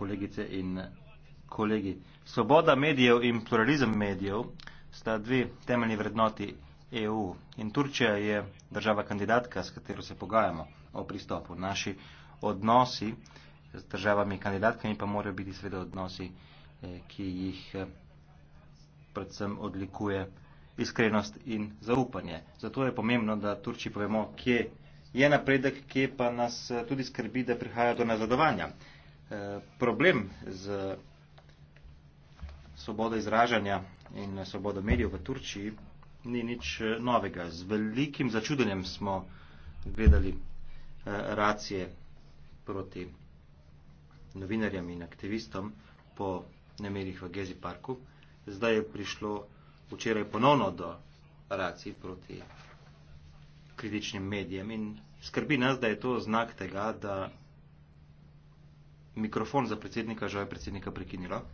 kolegice in kolegi. Svoboda medijev in pluralizem medijev sta dve temeljni vrednoti EU in Turčija je država kandidatka, s katero se pogajamo o pristopu. Naši odnosi z državami kandidatkami pa morajo biti sveda odnosi, eh, ki jih eh, predvsem odlikuje iskrenost in zaupanje. Zato je pomembno, da Turčiji povemo, kje je napredek, kje pa nas eh, tudi skrbi, da prihaja do nazadovanja problem z svobodo izražanja in svobodo medijev v Turčiji ni nič eh, novega. Z velikim začudenjem smo gledali eh, racije proti novinarjem in aktivistom po nemerih v Gezi parku. Zdaj je prišlo včeraj ponovno do racij proti kritičnim medijem in skrbi nas, da je to znak tega, da mikrofon za predsednika, žal je predsednika prekinila.